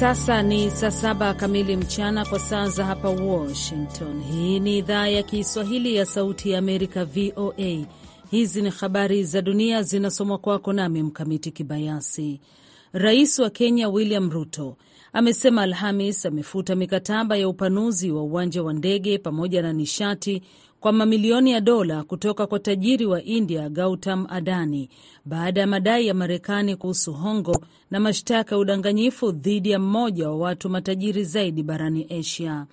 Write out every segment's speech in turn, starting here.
Sasa ni saa saba kamili mchana kwa saa za hapa Washington. Hii ni idhaa ya Kiswahili ya Sauti ya Amerika, VOA. Hizi ni habari za dunia zinasomwa kwako nami Mkamiti Kibayasi. Rais wa Kenya William Ruto amesema Alhamis amefuta mikataba ya upanuzi wa uwanja wa ndege pamoja na nishati kwa mamilioni ya dola kutoka kwa tajiri wa India Gautam Adani baada ya madai ya Marekani kuhusu hongo na mashtaka ya udanganyifu dhidi ya mmoja wa watu matajiri zaidi barani Asia.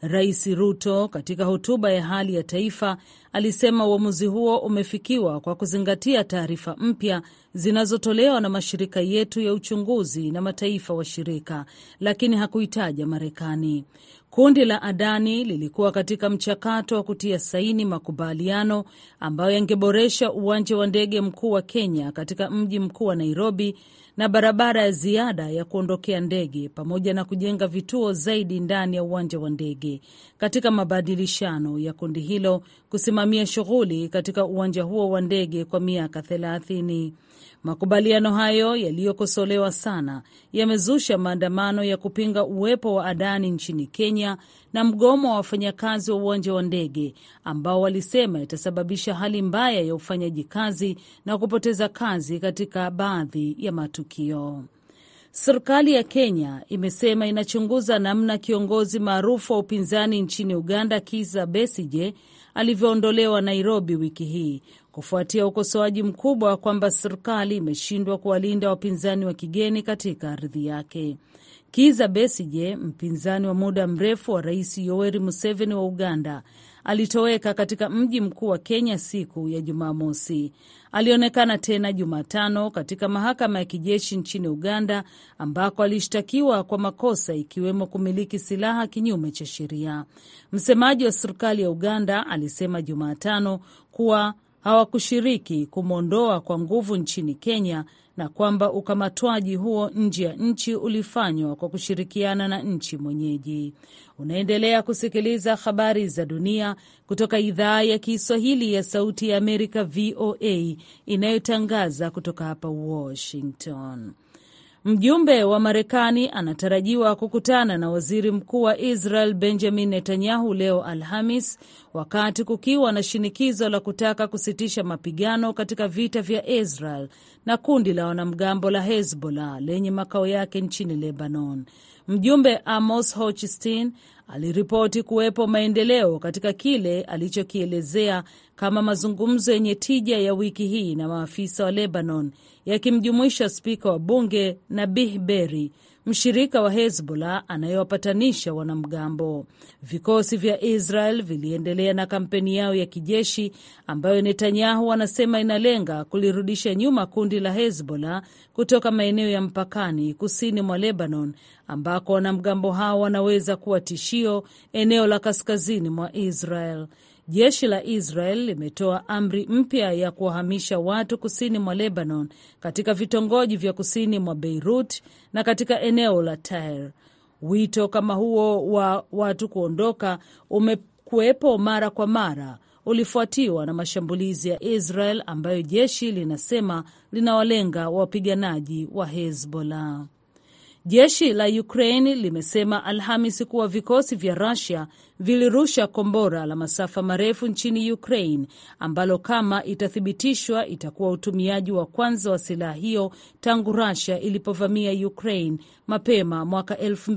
Rais Ruto katika hotuba ya hali ya taifa alisema uamuzi huo umefikiwa kwa kuzingatia taarifa mpya zinazotolewa na mashirika yetu ya uchunguzi na mataifa washirika, lakini hakuitaja Marekani. Kundi la Adani lilikuwa katika mchakato wa kutia saini makubaliano ambayo yangeboresha uwanja wa ndege mkuu wa Kenya katika mji mkuu wa Nairobi na barabara ya ziada ya kuondokea ndege pamoja na kujenga vituo zaidi ndani ya uwanja wa ndege katika mabadilishano ya kundi hilo kusimamia shughuli katika uwanja huo wa ndege kwa miaka thelathini. Makubaliano hayo yaliyokosolewa sana yamezusha maandamano ya kupinga uwepo wa Adani nchini Kenya na mgomo wa wafanyakazi wa uwanja wa ndege ambao walisema itasababisha hali mbaya ya ufanyaji kazi na kupoteza kazi katika baadhi ya matukio. Serikali ya Kenya imesema inachunguza namna kiongozi maarufu wa upinzani nchini Uganda Kizza Besigye alivyoondolewa Nairobi wiki hii kufuatia ukosoaji mkubwa kwamba serikali imeshindwa kuwalinda wapinzani wa kigeni katika ardhi yake. Kiza Besije, mpinzani wa muda mrefu wa Rais Yoweri Museveni wa Uganda, alitoweka katika mji mkuu wa Kenya siku ya Jumamosi. Alionekana tena Jumatano katika mahakama ya kijeshi nchini Uganda, ambako alishtakiwa kwa makosa ikiwemo kumiliki silaha kinyume cha sheria. Msemaji wa serikali ya Uganda alisema Jumatano kuwa hawakushiriki kumwondoa kwa nguvu nchini Kenya na kwamba ukamatwaji huo nje ya nchi ulifanywa kwa kushirikiana na nchi mwenyeji. Unaendelea kusikiliza habari za dunia kutoka idhaa ya Kiswahili ya Sauti ya Amerika, VOA, inayotangaza kutoka hapa Washington. Mjumbe wa Marekani anatarajiwa kukutana na waziri mkuu wa Israel Benjamin Netanyahu leo Alhamis, wakati kukiwa na shinikizo la kutaka kusitisha mapigano katika vita vya Israel na kundi la wanamgambo la Hezbollah lenye makao yake nchini Lebanon. Mjumbe Amos Hochstein aliripoti kuwepo maendeleo katika kile alichokielezea kama mazungumzo yenye tija ya wiki hii na maafisa wa Lebanon yakimjumuisha spika wa bunge Nabih Berri, mshirika wa Hezbollah anayewapatanisha wanamgambo. Vikosi vya Israel viliendelea na kampeni yao ya kijeshi ambayo Netanyahu anasema inalenga kulirudisha nyuma kundi la Hezbollah kutoka maeneo ya mpakani kusini mwa Lebanon, ambako wanamgambo hao wanaweza kuwa tishio eneo la kaskazini mwa Israel. Jeshi la Israel limetoa amri mpya ya kuwahamisha watu kusini mwa Lebanon, katika vitongoji vya kusini mwa Beirut na katika eneo la Tyre. Wito kama huo wa watu kuondoka umekuwepo mara kwa mara, ulifuatiwa na mashambulizi ya Israel ambayo jeshi linasema linawalenga wapiganaji wa Hezbollah. Jeshi la Ukraine limesema Alhamis kuwa vikosi vya Rusia vilirusha kombora la masafa marefu nchini Ukraine ambalo kama itathibitishwa itakuwa utumiaji wa kwanza wa silaha hiyo tangu Rusia ilipovamia Ukraine mapema mwaka elfu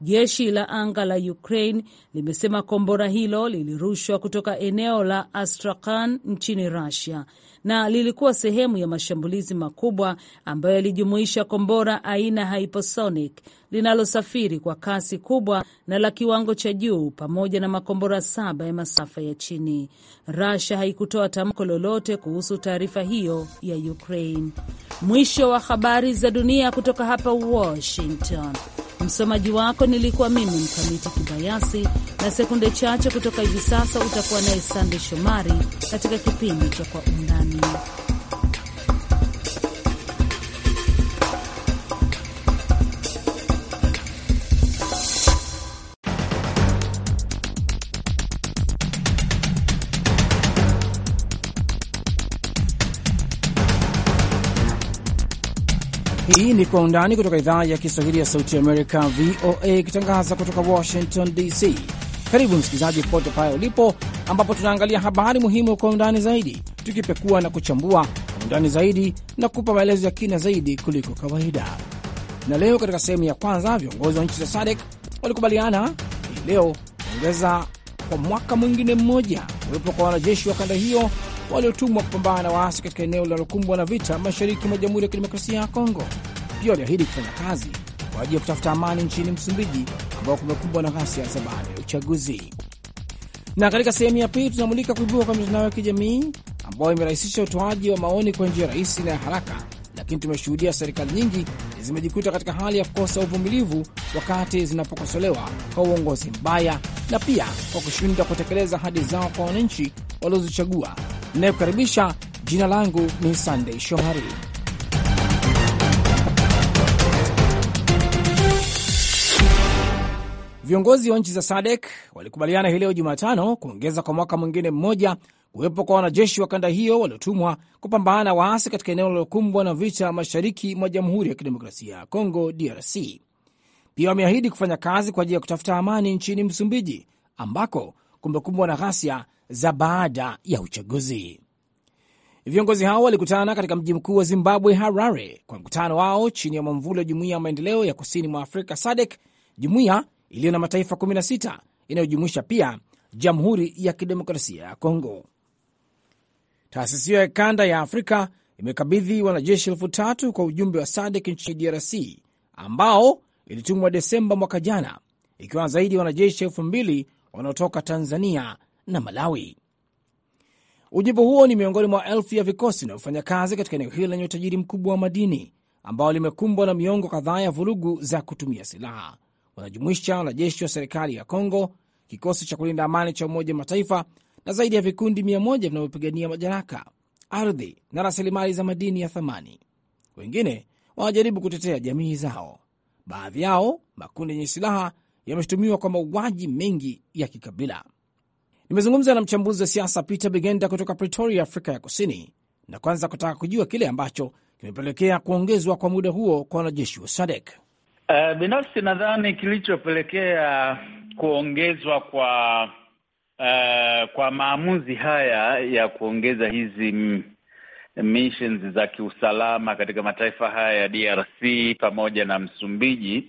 Jeshi la anga la Ukraine limesema kombora hilo lilirushwa kutoka eneo la Astrakhan nchini Rusia na lilikuwa sehemu ya mashambulizi makubwa ambayo yalijumuisha kombora aina hypersonic linalosafiri kwa kasi kubwa na la kiwango cha juu pamoja na makombora saba ya masafa ya chini. Russia haikutoa tamko lolote kuhusu taarifa hiyo ya Ukraine. Mwisho wa habari za dunia kutoka hapa Washington. Msomaji wako nilikuwa mimi Mkamiti Kibayasi, na sekunde chache kutoka hivi sasa utakuwa naye Sande Shomari katika kipindi cha Kwa Undani. Hii ni Kwa Undani kutoka idhaa ya Kiswahili ya Sauti Amerika, VOA, ikitangaza kutoka Washington DC. Karibu msikilizaji, popote pale ulipo, ambapo tunaangalia habari muhimu kwa undani zaidi, tukipekua na kuchambua kwa undani zaidi na kupa maelezo ya kina zaidi kuliko kawaida. Na leo katika sehemu ya kwanza, viongozi wa nchi za SADEK walikubaliana hii leo kuongeza kwa mwaka mwingine mmoja kuwepo kwa wanajeshi wa kanda hiyo waliotumwa kupambana na waasi katika eneo linalokumbwa na vita mashariki mwa Jamhuri ya Kidemokrasia ya Kongo. Pia waliahidi kufanya kazi kwa ajili ya kutafuta amani nchini Msumbiji ambao kumekumbwa na ghasia za baada ya uchaguzi. Na katika sehemu ya pili tunamulika kuibuka kwa mitandao ya kijamii ambayo imerahisisha utoaji wa maoni kwa njia rahisi na ya haraka, lakini tumeshuhudia serikali nyingi zimejikuta katika hali ya kukosa uvumilivu wakati zinapokosolewa kwa uongozi mbaya na pia kwa kushindwa kutekeleza ahadi zao kwa wananchi waliozichagua Ninayekukaribisha, jina langu ni Sandei Shomari. Viongozi wa nchi za SADEK walikubaliana hii leo Jumatano kuongeza kwa mwaka mwingine mmoja kuwepo kwa wanajeshi wa kanda hiyo waliotumwa kupambana na waasi katika eneo lililokumbwa na vita mashariki mwa Jamhuri ya Kidemokrasia ya Kongo, DRC. Pia wameahidi kufanya kazi kwa ajili ya kutafuta amani nchini Msumbiji, ambako kumekumbwa na ghasia za baada ya uchaguzi. Viongozi hao walikutana katika mji mkuu wa Zimbabwe, Harare, kwa mkutano wao chini ya mwamvuli wa Jumuiya ya Maendeleo ya Kusini mwa Afrika SADC, jumuiya iliyo na mataifa 16 inayojumuisha pia Jamhuri ya Kidemokrasia ya Kongo. Taasisi hiyo ya kanda ya Afrika imekabidhi wanajeshi elfu tatu kwa ujumbe wa SADC nchini DRC ambao ilitumwa Desemba mwaka jana, ikiwa zaidi ya wanajeshi elfu mbili wanaotoka Tanzania na Malawi. Ujimbo huo ni miongoni mwa elfu ya vikosi vinavyofanya kazi katika eneo hilo lenye utajiri mkubwa wa madini ambao limekumbwa na miongo kadhaa ya vurugu za kutumia silaha. Wanajumuisha wanajeshi wa serikali ya Kongo, kikosi cha kulinda amani cha Umoja wa Mataifa na zaidi ya vikundi mia moja vinavyopigania majaraka ardhi na rasilimali za madini ya thamani. Wengine wanajaribu kutetea jamii zao. Baadhi yao, makundi yenye silaha yameshutumiwa kwa mauaji mengi ya kikabila. Nimezungumza na mchambuzi wa siasa Peter Bigenda kutoka Pretoria, Afrika ya Kusini, na kwanza kutaka kujua kile ambacho kimepelekea kuongezwa kwa muda huo kwa wanajeshi wa SADC. Uh, eh, binafsi nadhani kilichopelekea kuongezwa kwa uh, kwa maamuzi haya ya kuongeza hizi missions za kiusalama katika mataifa haya ya DRC pamoja na Msumbiji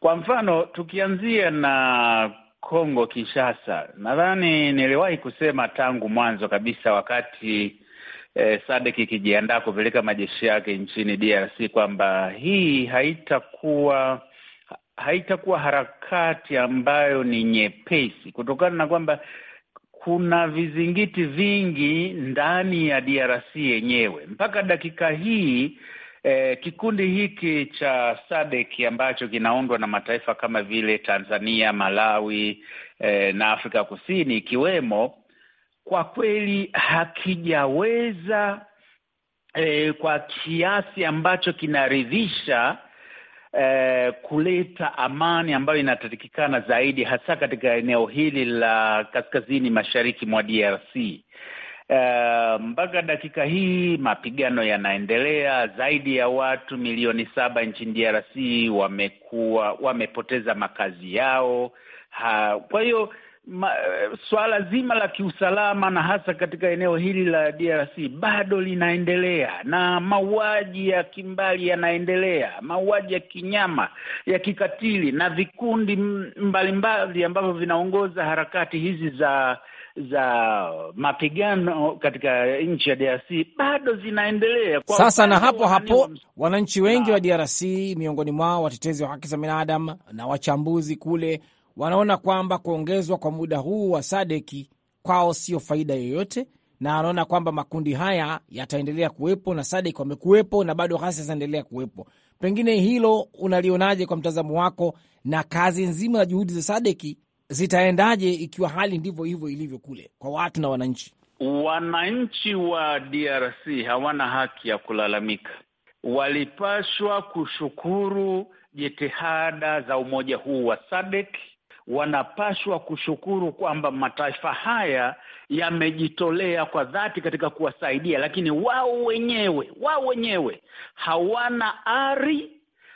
kwa mfano tukianzia na Kongo Kinshasa, nadhani niliwahi kusema tangu mwanzo kabisa wakati eh, SADC ikijiandaa kupeleka majeshi yake nchini DRC kwamba hii haitakuwa haitakuwa harakati ambayo ni nyepesi kutokana na kwamba kuna vizingiti vingi ndani ya DRC yenyewe. Mpaka dakika hii Eh, kikundi hiki cha SADC ambacho kinaundwa na mataifa kama vile Tanzania, Malawi eh, na Afrika Kusini ikiwemo, kwa kweli hakijaweza eh, kwa kiasi ambacho kinaridhisha eh, kuleta amani ambayo inatakikana zaidi hasa katika eneo hili la kaskazini mashariki mwa DRC. Uh, mpaka dakika hii mapigano yanaendelea. Zaidi ya watu milioni saba nchini DRC wamekuwa wamepoteza makazi yao ha. Kwa hiyo suala swala zima la kiusalama na hasa katika eneo hili la DRC bado linaendelea, na mauaji ya kimbali yanaendelea, mauaji ya kinyama ya kikatili na vikundi mbalimbali ambavyo vinaongoza harakati hizi za za mapigano katika nchi ya DRC bado zinaendelea kwa sasa, na hapo hapo wananchi wengi wa DRC, miongoni mwao watetezi wa haki za binadamu na wachambuzi kule, wanaona kwamba kuongezwa kwa muda huu wa sadeki kwao sio faida yoyote, na wanaona kwamba makundi haya yataendelea kuwepo na sadek wamekuwepo na bado ghasia zinaendelea kuwepo. Pengine hilo unalionaje kwa mtazamo wako na kazi nzima ya juhudi za sadeki zitaendaje ikiwa hali ndivyo hivyo ilivyo kule kwa watu na wananchi? Wananchi wa DRC hawana haki ya kulalamika, walipashwa kushukuru jitihada za umoja huu wa SADC. Wanapashwa kushukuru kwamba mataifa haya yamejitolea kwa dhati katika kuwasaidia, lakini wao wenyewe wao wenyewe hawana ari,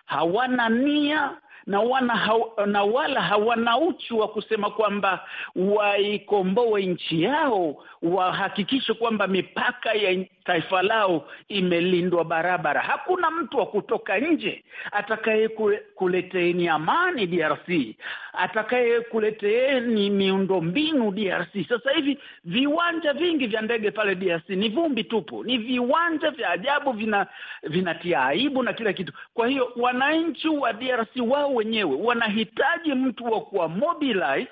hawana nia na, wana haw, na wala hawana uchu wa kusema kwamba waikomboe nchi yao, wahakikishe kwamba mipaka ya taifa lao imelindwa barabara. Hakuna mtu wa kutoka nje atakaye kuleteeni amani DRC, atakaye kuleteeni miundo mbinu DRC. Sasa hivi viwanja vingi vya ndege pale DRC ni vumbi tupu, ni viwanja vya ajabu, vina vinatia aibu na kila kitu. Kwa hiyo wananchi wa DRC wao wenyewe wanahitaji mtu wa kuwa mobilize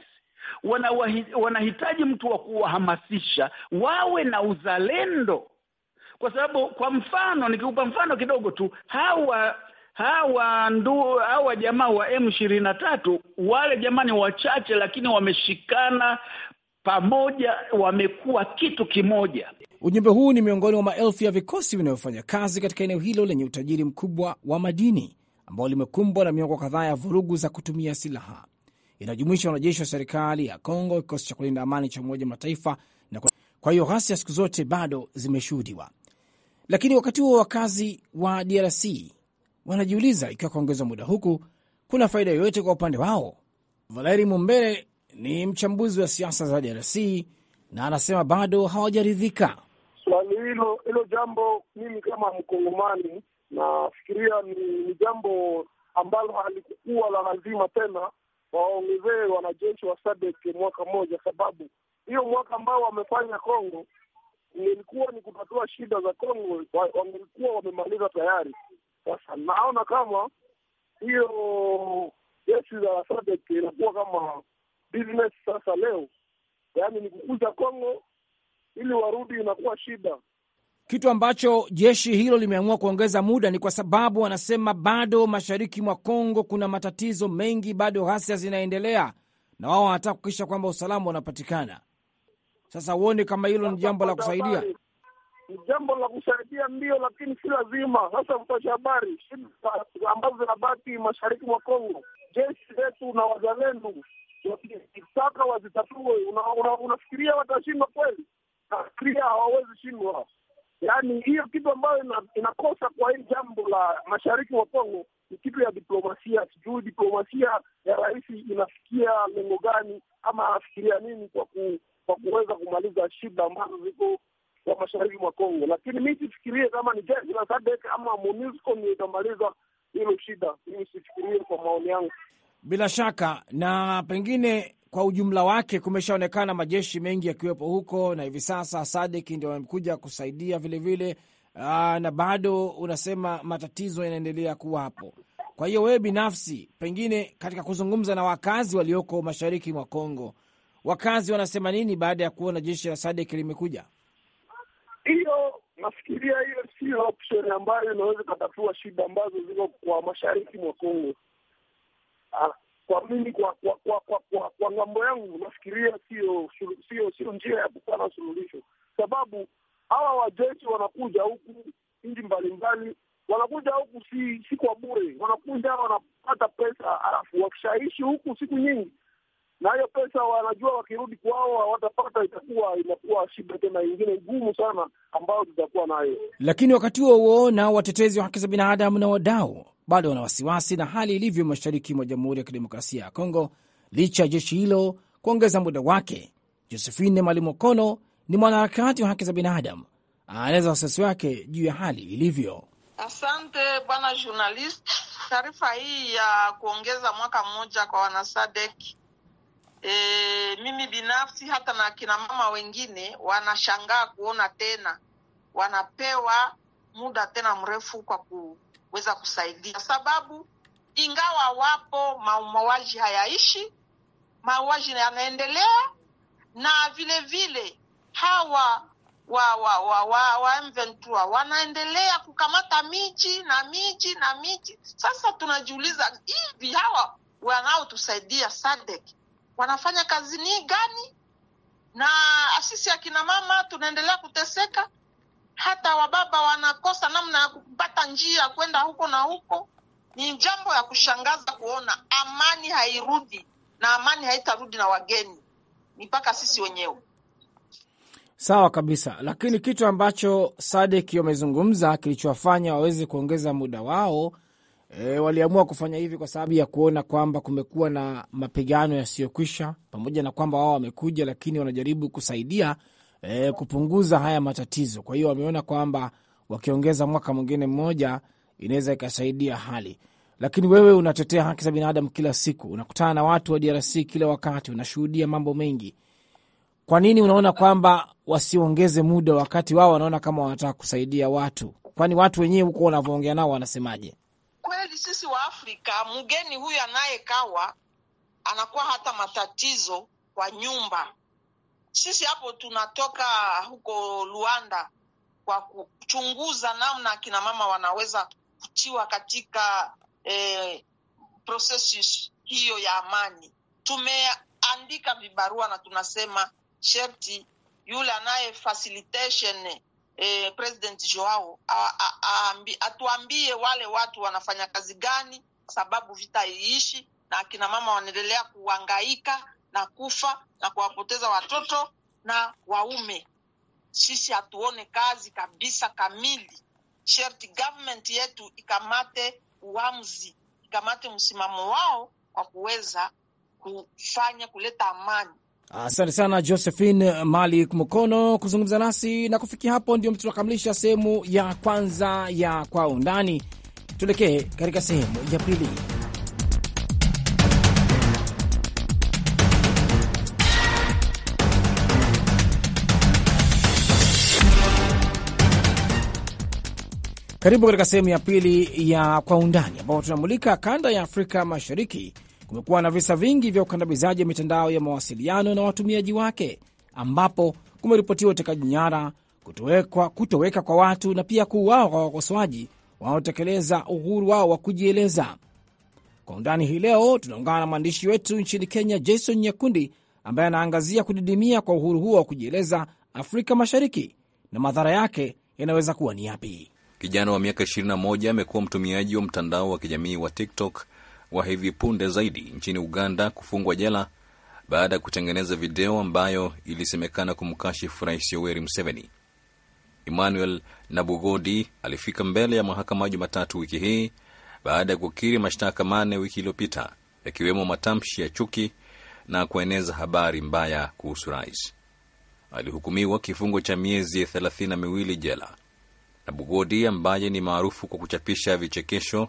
wanahitaji mtu wa kuwahamasisha wawe na uzalendo kwa sababu kwa mfano nikikupa mfano kidogo tu hawa hawa ndu hawa jamaa wa M23 wale ni wachache lakini wameshikana pamoja wamekuwa kitu kimoja. Ujumbe huu ni miongoni mwa maelfu ya vikosi vinavyofanya kazi katika eneo hilo lenye utajiri mkubwa wa madini ambao limekumbwa na miongo kadhaa ya vurugu za kutumia silaha. Inajumuisha wanajeshi wa serikali ya Kongo, kikosi cha kulinda amani cha Umoja Mataifa na kwa hiyo ghasia siku zote bado zimeshuhudiwa. Lakini wakati huo wakazi wa DRC wanajiuliza ikiwa kuongezwa muda huku kuna faida yoyote kwa upande wao. Valeri Mumbere ni mchambuzi wa siasa za DRC na anasema bado hawajaridhika swali hilo. Hilo jambo mimi kama Mkongomani nafikiria ni, ni jambo ambalo halikuwa la lazima tena waongezee wanajeshi wa SADC mwaka mmoja, sababu hiyo mwaka ambao wamefanya Kongo ilikuwa ni kutatua shida za Kongo, wangelikuwa wamemaliza tayari. Sasa naona kama hiyo jeshi za SADC inakuwa kama business sasa leo, yaani ni kukuza Kongo ili warudi, inakuwa shida. Kitu ambacho jeshi hilo limeamua kuongeza muda ni kwa sababu wanasema bado mashariki mwa Kongo kuna matatizo mengi, bado ghasia zinaendelea, na wao wanataka kuhakikisha kwamba usalama unapatikana. Sasa uone kama hilo ni jambo la kusaidia. Ni jambo la kusaidia ndio, lakini si lazima. Sasa mpasha habari ambazo zinabaki mashariki mwa Kongo, jeshi letu na wazalendo wakitaka wazitatue, unafikiria watashindwa kweli? Nafikiria hawawezi shindwa. Yaani hiyo kitu ambayo inakosa kwa hili jambo la mashariki mwa Kongo ni kitu ya diplomasia. Sijui diplomasia ya rais inafikia lengo gani ama anafikiria nini kwa ku kwa kuweza kumaliza shida ambazo ziko kwa mashariki mwa Kongo, lakini mi sifikirie kama ni jeshi la SADC ama MONUSCO ndio itamaliza hilo shida. Mimi sifikirie, kwa maoni yangu. Bila shaka na pengine kwa ujumla wake kumeshaonekana majeshi mengi yakiwepo huko, na hivi sasa SADC ndio wamekuja kusaidia vilevile vile, ah, na bado unasema matatizo yanaendelea kuwapo. Kwa hiyo wewe binafsi, pengine katika kuzungumza na wakazi walioko mashariki mwa Kongo, Wakazi wanasema nini baada ya kuona jeshi la SADC limekuja? Hiyo nafikiria hiyo siyo option ambayo inaweza ikatatua shida ambazo ziko kwa mashariki mwa Kongo. Ah, kwa mimi kwa kwa kwa, kwa, kwa, kwa ngambo yangu nafikiria siyo njia ya kupana suluhisho, sababu hawa wajeshi wanakuja huku nchi mbalimbali wanakuja huku si si kwa bure, wanakuja wanapata pesa, alafu wakishaishi huku siku nyingi na hiyo pesa wanajua wakirudi kwao hawatapata, itakuwa inakuwa shida tena ingine ngumu sana ambayo tutakuwa nayo. Lakini wakati huo huo, na watetezi wa haki za binadamu na wadau bado wana wasiwasi na hali ilivyo mashariki mwa Jamhuri ya Kidemokrasia ya Kongo licha ya jeshi hilo kuongeza muda wake. Josephine Malimokono ni mwanaharakati wa haki za binadamu, anaeleza wasiwasi wake juu ya hali ilivyo. Asante bwana journalist, taarifa hii ya kuongeza mwaka mmoja kwa wanasadek E, mimi binafsi hata na akina mama wengine wanashangaa kuona tena wanapewa muda tena mrefu kwa kuweza kusaidia, sababu ingawa wapo mauaji hayaishi, mauaji yanaendelea, na vile vile hawa wa wa wa wa wa M23 wanaendelea kukamata miji na miji na miji. Sasa tunajiuliza hivi hawa wanaotusaidia SADC wanafanya kazi ni gani? Na sisi akina mama tunaendelea kuteseka, hata wababa wanakosa namna ya kupata njia kwenda huko na huko. Ni jambo ya kushangaza kuona amani hairudi, na amani haitarudi na wageni, ni mpaka sisi wenyewe. Sawa kabisa, lakini kitu ambacho Sadek wamezungumza kilichowafanya waweze kuongeza muda wao E, waliamua kufanya hivi kwa sababu ya kuona kwamba kumekuwa na mapigano yasiyokwisha, pamoja na kwamba wao wamekuja, lakini wanajaribu kusaidia e, kupunguza haya matatizo. Kwa hiyo wameona kwamba wakiongeza mwaka mwingine mmoja inaweza ikasaidia hali. Lakini wewe unatetea haki za binadamu kila siku, unakutana na watu wa DRC kila wakati, unashuhudia mambo mengi. Kwa nini unaona kwamba wasiongeze muda wakati wao wanaona kama wanataka kusaidia watu? Kwani watu wenyewe huko wanavyoongea nao wanasemaje? kweli sisi wa Afrika, mgeni huyu anayekawa anakuwa hata matatizo kwa nyumba. Sisi hapo tunatoka huko Luanda kwa kuchunguza namna akina mama wanaweza kutiwa katika eh, processes hiyo ya amani. Tumeandika vibarua na tunasema sherti yule anaye facilitation eh, President Joao atuambie wale watu wanafanya kazi gani, sababu vita iishi na akina mama wanaendelea kuangaika na kufa na kuwapoteza watoto na waume. Sisi hatuone kazi kabisa kamili. Sherti government yetu ikamate uamuzi, ikamate msimamo wao kwa kuweza kufanya kuleta amani. Asante sana Josephine Malik Mukono kuzungumza nasi, na kufikia hapo ndio tunakamilisha sehemu ya kwanza ya Kwa Undani. Tuelekee katika sehemu ya pili. Karibu katika sehemu ya pili ya Kwa Undani, ambapo tunamulika kanda ya Afrika Mashariki kumekuwa na visa vingi vya ukandamizaji wa mitandao ya mawasiliano na watumiaji wake, ambapo kumeripotiwa utekaji nyara, kutoweka kwa watu na pia kuuawa kwa wakosoaji wanaotekeleza uhuru wao wa kujieleza. Kwa undani hii leo tunaungana na mwandishi wetu nchini Kenya, Jason Nyakundi, ambaye anaangazia kudidimia kwa uhuru huo wa kujieleza Afrika Mashariki na madhara yake yanaweza kuwa ni yapi. Kijana wa miaka 21 amekuwa mtumiaji wa mtandao wa kijamii wa TikTok wa hivi punde zaidi nchini Uganda kufungwa jela baada ya kutengeneza video ambayo ilisemekana kumkashifu Rais Yoweri Museveni. Emmanuel Nabugodi alifika mbele ya mahakama Jumatatu wiki hii baada ya kukiri mashtaka mane wiki iliyopita, yakiwemo matamshi ya chuki na kueneza habari mbaya kuhusu rais. Alihukumiwa kifungo cha miezi thelathini na miwili jela. Nabugodi ambaye ni maarufu kwa kuchapisha vichekesho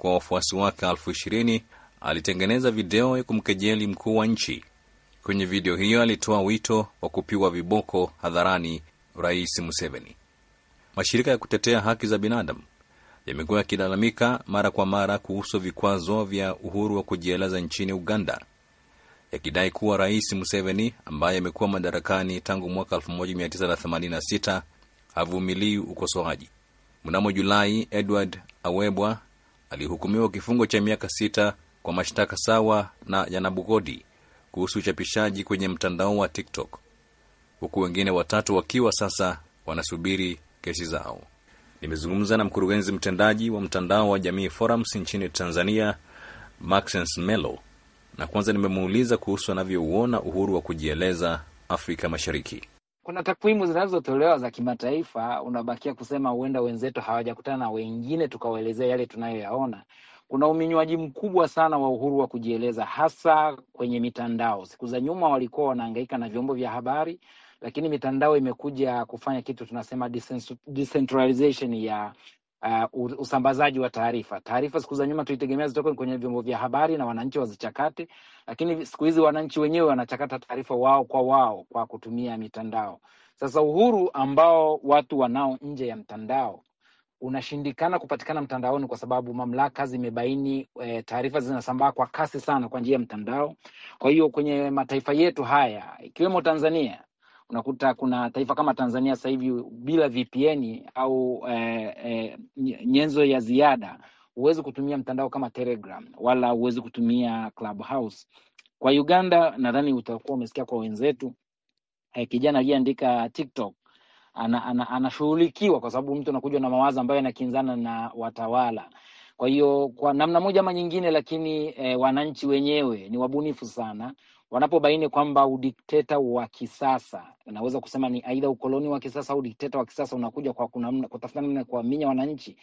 kwa wafuasi wake elfu ishirini alitengeneza video ya kumkejeli mkuu wa nchi. Kwenye video hiyo alitoa wito wa kupigwa viboko hadharani Rais Museveni. Mashirika ya kutetea haki za binadamu yamekuwa yakilalamika mara kwa mara kuhusu vikwazo vya uhuru wa kujieleza nchini Uganda, yakidai kuwa Rais Museveni ambaye amekuwa madarakani tangu mwaka 1986 havumilii ukosoaji. Mnamo Julai, Edward Awebwa alihukumiwa kifungo cha miaka sita kwa mashtaka sawa na yanabugodi kuhusu uchapishaji kwenye mtandao wa TikTok, huku wengine watatu wakiwa sasa wanasubiri kesi zao. Nimezungumza na mkurugenzi mtendaji wa mtandao wa Jamii Forums nchini Tanzania, Maxens Melo, na kwanza nimemuuliza kuhusu anavyouona uhuru wa kujieleza Afrika Mashariki kuna takwimu zinazotolewa za kimataifa, unabakia kusema huenda wenzetu hawajakutana na wengine tukawaelezea yale tunayoyaona. Kuna uminywaji mkubwa sana wa uhuru wa kujieleza, hasa kwenye mitandao. Siku za nyuma walikuwa wanahangaika na vyombo vya habari, lakini mitandao imekuja kufanya kitu tunasema decentralization ya uh, usambazaji wa taarifa. Taarifa siku za nyuma tulitegemea zitoke kwenye vyombo vya habari na wananchi wazichakate, lakini siku hizi wananchi wenyewe wanachakata taarifa wao kwa wao kwa kutumia mitandao. Sasa uhuru ambao watu wanao nje ya mtandao unashindikana kupatikana mtandaoni kwa sababu mamlaka zimebaini e, taarifa zinasambaa kwa kasi sana kwa njia ya mtandao. Kwa hiyo kwenye mataifa yetu haya ikiwemo Tanzania unakuta kuna taifa kama Tanzania sasa hivi bila VPN au e, e, nyenzo ya ziada huwezi kutumia mtandao kama Telegram wala huwezi kutumia Clubhouse. Kwa Uganda nadhani utakuwa umesikia kwa wenzetu e, kijana aliyeandika TikTok anashughulikiwa ana, ana kwa sababu mtu anakuja na mawazo ambayo yanakinzana na watawala. Kwa hiyo kwa namna moja ama nyingine, lakini e, wananchi wenyewe ni wabunifu sana, wanapobaini kwamba udikteta wa kisasa, naweza kusema ni aidha ukoloni wa kisasa au dikteta wa kisasa unakuja kwa kunamna, kutafuta namna ya kuwaminya wananchi,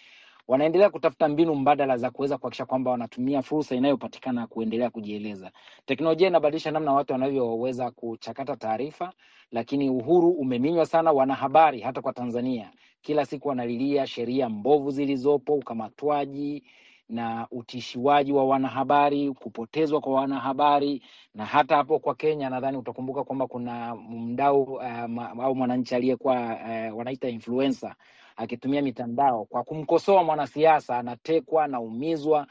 wanaendelea kutafuta mbinu mbadala za kuweza kuhakikisha kwamba wanatumia fursa inayopatikana kuendelea kujieleza. Teknolojia inabadilisha namna watu wanavyoweza kuchakata taarifa, lakini uhuru umeminywa sana. Wanahabari hata kwa Tanzania kila siku wanalilia sheria mbovu zilizopo, ukamatwaji na utishiwaji wa wanahabari, kupotezwa kwa wanahabari, na hata hapo kwa Kenya nadhani utakumbuka kwamba kuna mdau uh, au mwananchi aliyekuwa uh, wanaita influencer akitumia mitandao kwa kumkosoa mwanasiasa, anatekwa, anaumizwa.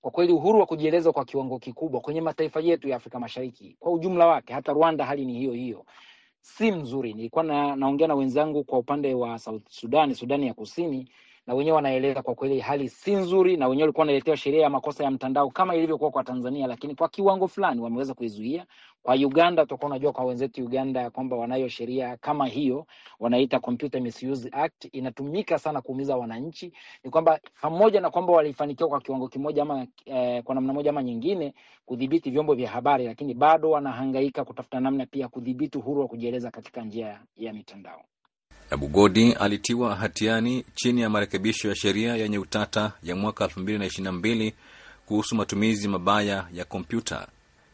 Kwa kweli uhuru wa kujieleza kwa kiwango kikubwa kwenye mataifa yetu ya Afrika Mashariki kwa ujumla wake, hata Rwanda hali ni hiyo hiyo, si mzuri. Nilikuwa na, naongea na wenzangu kwa upande wa South Sudan, Sudani ya Kusini na wenyewe wanaeleza kwa kweli hali si nzuri, na wenyewe walikuwa wanaletewa sheria ya makosa ya mtandao kama ilivyokuwa kwa Tanzania, lakini kwa kiwango fulani wameweza kuizuia. Kwa Uganda tutakuwa unajua kwa wenzetu Uganda kwamba wanayo sheria kama hiyo, wanaita Computer Misuse Act, inatumika sana kuumiza wananchi. Ni kwamba pamoja na kwamba walifanikiwa kwa kiwango kimoja ama eh, kwa namna moja ama nyingine kudhibiti vyombo vya habari, lakini bado wanahangaika kutafuta namna pia kudhibiti uhuru wa kujieleza katika njia ya mitandao bugodi alitiwa hatiani chini ya marekebisho ya sheria yenye utata ya mwaka 2022 kuhusu matumizi mabaya ya kompyuta.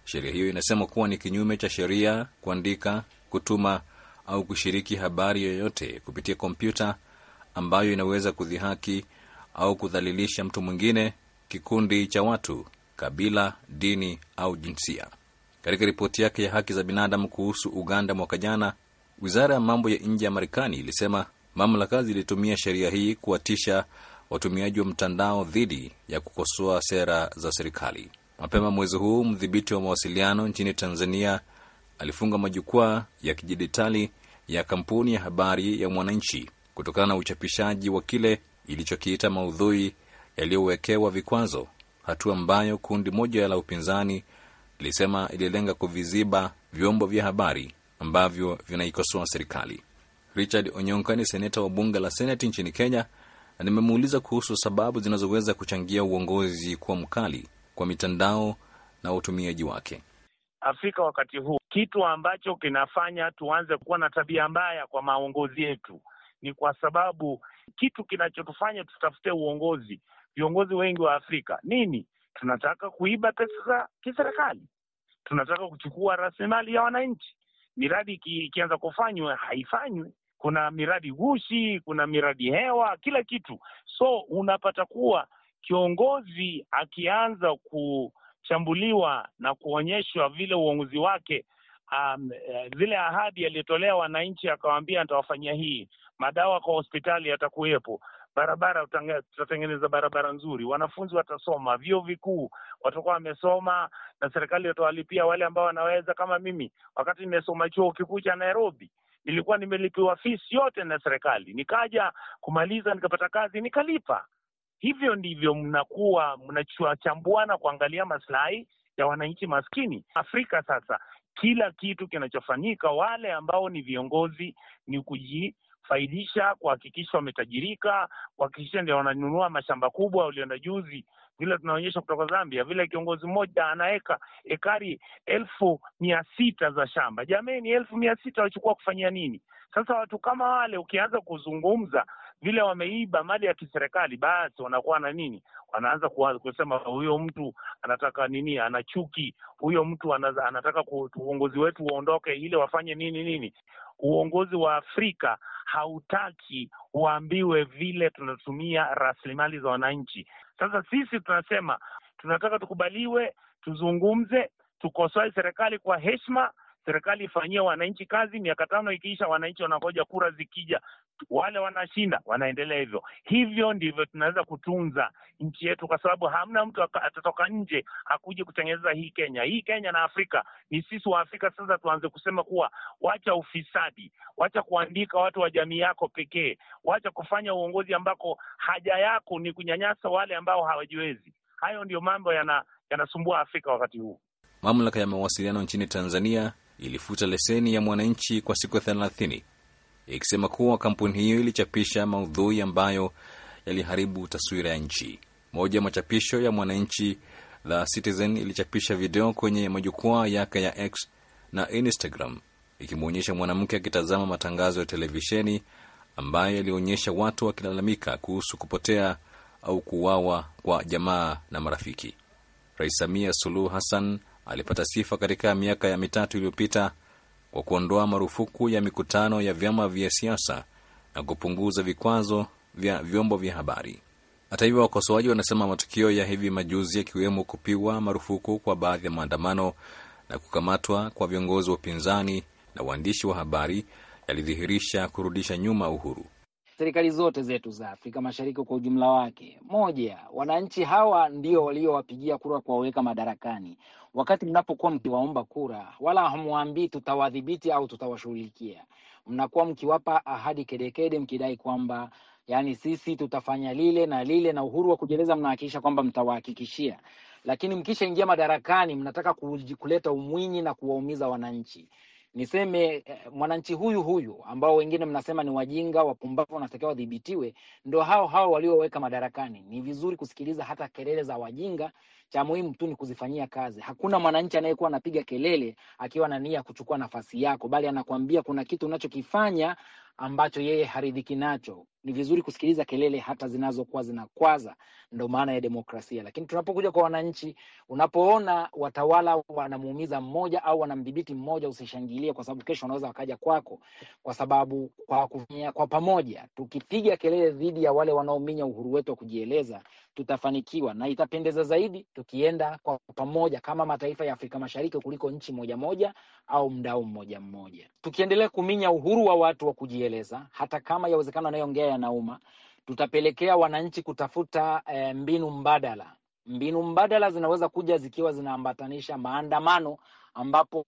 Sheria hiyo inasema kuwa ni kinyume cha sheria kuandika, kutuma au kushiriki habari yoyote kupitia kompyuta ambayo inaweza kudhihaki au kudhalilisha mtu mwingine, kikundi cha watu, kabila, dini au jinsia. Katika ripoti yake ya haki za binadamu kuhusu Uganda mwaka jana Wizara ya mambo ya nje ya Marekani ilisema mamlaka zilitumia sheria hii kuwatisha watumiaji wa mtandao dhidi ya kukosoa sera za serikali. Mapema mwezi huu, mdhibiti wa mawasiliano nchini Tanzania alifunga majukwaa ya kidijitali ya kampuni ya habari ya Mwananchi kutokana na uchapishaji wa kile ilichokiita maudhui yaliyowekewa vikwazo, hatua ambayo kundi moja la upinzani lilisema ililenga kuviziba vyombo vya habari ambavyo vinaikosoa serikali. Richard Onyonka ni seneta wa bunge la Seneti nchini Kenya, na nimemuuliza kuhusu sababu zinazoweza kuchangia uongozi kuwa mkali kwa mitandao na utumiaji wake. Afrika wakati huu, kitu ambacho kinafanya tuanze kuwa na tabia mbaya kwa maongozi yetu ni kwa sababu kitu kinachotufanya tutafute uongozi, viongozi wengi wa Afrika nini, tunataka kuiba pesa za kiserikali, tunataka kuchukua rasilimali ya wananchi, miradi ikianza kufanywa haifanywi. Kuna miradi gushi, kuna miradi hewa, kila kitu. So unapata kuwa kiongozi akianza kuchambuliwa na kuonyeshwa vile uongozi wake um, eh, zile ahadi aliyotolea wananchi, akawaambia nitawafanyia hii madawa kwa hospitali yatakuwepo, barabara, tutatengeneza barabara nzuri, wanafunzi watasoma, vyuo vikuu watakuwa wamesoma, na serikali watawalipia wale ambao wanaweza. Kama mimi, wakati nimesoma chuo kikuu cha Nairobi, nilikuwa nimelipiwa fisi yote na serikali, nikaja kumaliza, nikapata kazi, nikalipa. Hivyo ndivyo mnakuwa mnachambuana kuangalia maslahi ya wananchi maskini Afrika. Sasa kila kitu kinachofanyika, wale ambao ni viongozi ni kuji kufaidisha, kuhakikisha wametajirika, kuhakikisha ndio wananunua mashamba kubwa. Uliona juzi vile tunaonyesha kutoka Zambia, vile kiongozi mmoja anaweka ekari elfu mia sita za shamba. Jamani, elfu mia sita wachukua kufanyia nini? Sasa watu kama wale ukianza kuzungumza vile wameiba mali ya kiserikali, basi wanakuwa na nini, wanaanza kusema huyo mtu anataka nini, ana chuki, huyo mtu anataka uongozi wetu uondoke, ile wafanye nini nini. Uongozi wa Afrika hautaki uambiwe vile tunatumia rasilimali za wananchi. Sasa sisi tunasema tunataka tukubaliwe, tuzungumze, tukosoe serikali kwa heshima serikali ifanyie wananchi kazi. Miaka tano ikiisha, wananchi wanangoja kura zikija, wale wanashinda wanaendelea hivyo. Hivyo ndivyo tunaweza kutunza nchi yetu, kwa sababu hamna mtu atatoka nje akuje kutengeneza hii Kenya. Hii Kenya na Afrika ni sisi wa Afrika. Sasa tuanze kusema kuwa wacha ufisadi, wacha kuandika watu wa jamii yako pekee, wacha kufanya uongozi ambako haja yako ni kunyanyasa wale ambao hawajiwezi. Hayo ndiyo mambo yanasumbua yana Afrika wakati huu. Mamlaka ya mawasiliano nchini Tanzania ilifuta leseni ya Mwananchi kwa siku 30 ikisema kuwa kampuni hiyo ilichapisha maudhui ambayo yaliharibu taswira ya nchi. Moja ya machapisho ya Mwananchi, The Citizen ilichapisha video kwenye majukwaa yake ya X na Instagram ikimwonyesha mwanamke akitazama matangazo ya televisheni ambayo yalionyesha watu wakilalamika kuhusu kupotea au kuuawa kwa jamaa na marafiki. Rais Samia Suluhu Hassan alipata sifa katika miaka ya mitatu iliyopita kwa kuondoa marufuku ya mikutano ya vyama vya siasa na kupunguza vikwazo vya vyombo vya habari. Hata hivyo, wakosoaji wanasema matukio ya hivi majuzi yakiwemo kupigwa marufuku kwa baadhi ya maandamano na kukamatwa kwa viongozi wa upinzani na waandishi wa habari yalidhihirisha kurudisha nyuma uhuru. Serikali zote zetu za Afrika Mashariki kwa ujumla wake, moja, wananchi hawa ndio waliowapigia kura kuwaweka madarakani. Wakati mnapokuwa mkiwaomba kura, wala hamwambii tutawadhibiti au tutawashughulikia. Mnakuwa mkiwapa ahadi kedekede, mkidai kwamba yani sisi tutafanya lile na lile, na uhuru wa kujieleza mnahakikisha kwamba mtawahakikishia, lakini mkisha ingia madarakani mnataka kuleta umwinyi na kuwaumiza wananchi niseme eh, mwananchi huyu huyu ambao wengine mnasema ni wajinga wapumbavu, wanatakiwa wadhibitiwe, ndo hao hao walioweka madarakani. Ni vizuri kusikiliza hata kelele za wajinga, cha muhimu tu ni kuzifanyia kazi. Hakuna mwananchi anayekuwa anapiga kelele akiwa na nia ya kuchukua nafasi yako, bali anakuambia kuna kitu unachokifanya ambacho yeye haridhiki nacho. Ni vizuri kusikiliza kelele hata zinazokuwa zinakwaza, ndo maana ya demokrasia. Lakini tunapokuja kwa wananchi, unapoona watawala wanamuumiza mmoja au wanamdhibiti mmoja, usishangilie, kwa sababu kesho wanaweza wakaja kwako, kwa sababu kwa, kufanya, kwa pamoja tukipiga kelele dhidi ya wale wanaominya uhuru wetu wa kujieleza tutafanikiwa na itapendeza zaidi tukienda kwa pamoja kama mataifa ya Afrika Mashariki kuliko nchi moja moja au mdao mmoja mmoja, tukiendelea kuminya uhuru wa watu wa kujieleza kujieleza, hata kama yawezekana anayoongea yanauma, tutapelekea wananchi kutafuta e, mbinu mbadala. Mbinu mbadala zinaweza kuja zikiwa zinaambatanisha maandamano, ambapo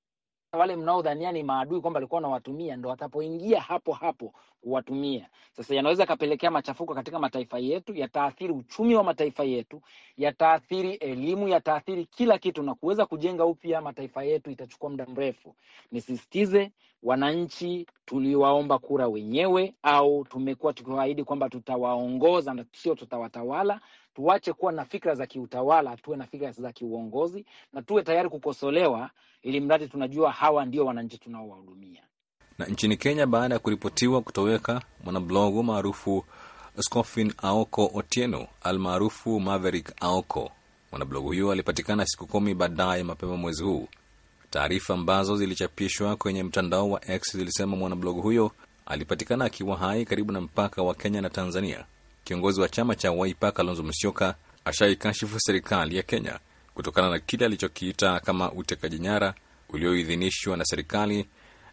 wale mnaodhania ni maadui kwamba alikuwa anawatumia ndo watapoingia hapo hapo kuwatumia. Sasa yanaweza yakapelekea machafuko katika mataifa yetu, yataathiri uchumi wa mataifa yetu, yataathiri elimu, yataathiri kila kitu, na kuweza kujenga upya mataifa yetu itachukua muda mrefu. Nisisitize, wananchi tuliwaomba kura wenyewe, au tumekuwa tukiwaahidi kwamba tutawaongoza na sio tutawatawala. Tuache kuwa na fikra za kiutawala, tuwe na fikra za kiuongozi na tuwe tayari kukosolewa ili mradi tunajua hawa ndio wananchi tunaowahudumia. Na nchini Kenya, baada ya kuripotiwa kutoweka mwanablogu maarufu Scofin Aoko Otieno almaarufu Maverick Aoko, mwanablogu huyo alipatikana siku kumi baadaye mapema mwezi huu. Taarifa ambazo zilichapishwa kwenye mtandao wa X zilisema mwanablogu huyo alipatikana akiwa hai karibu na mpaka wa Kenya na Tanzania. Kiongozi wa chama cha Wiper Kalonzo Musyoka ashaikashifu serikali ya Kenya kutokana na kile alichokiita kama utekaji nyara ulioidhinishwa na serikali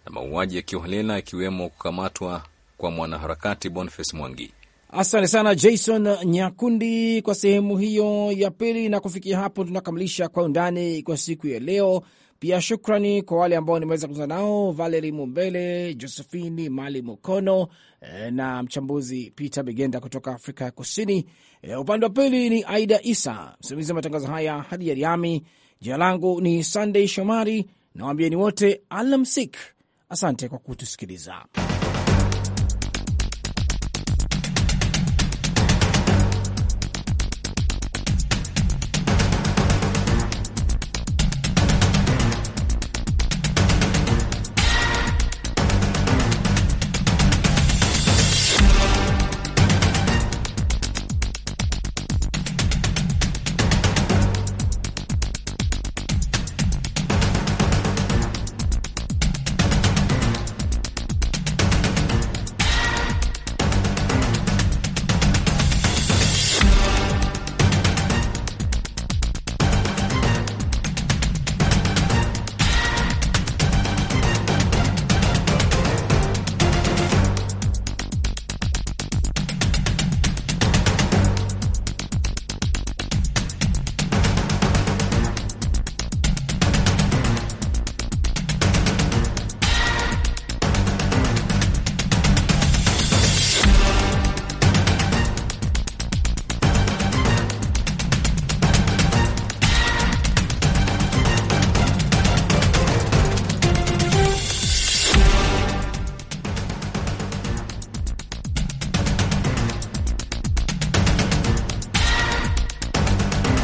na mauaji ya kiholela ikiwemo kukamatwa kwa mwanaharakati Boniface Mwangi. Asante sana Jason Nyakundi kwa sehemu hiyo ya pili, na kufikia hapo tunakamilisha Kwa Undani kwa siku ya leo. Pia shukrani kwa wale ambao nimeweza kuzungumza nao, Valeri Mumbele, Josephini Mali Mukono eh, na mchambuzi Peter Bigenda kutoka Afrika ya Kusini. Eh, upande wa pili ni Aida Isa, msimamizi wa matangazo haya hadi Yariami. Jina langu ni sandey Shomari, nawaambieni wote alamsik. Asante kwa kutusikiliza.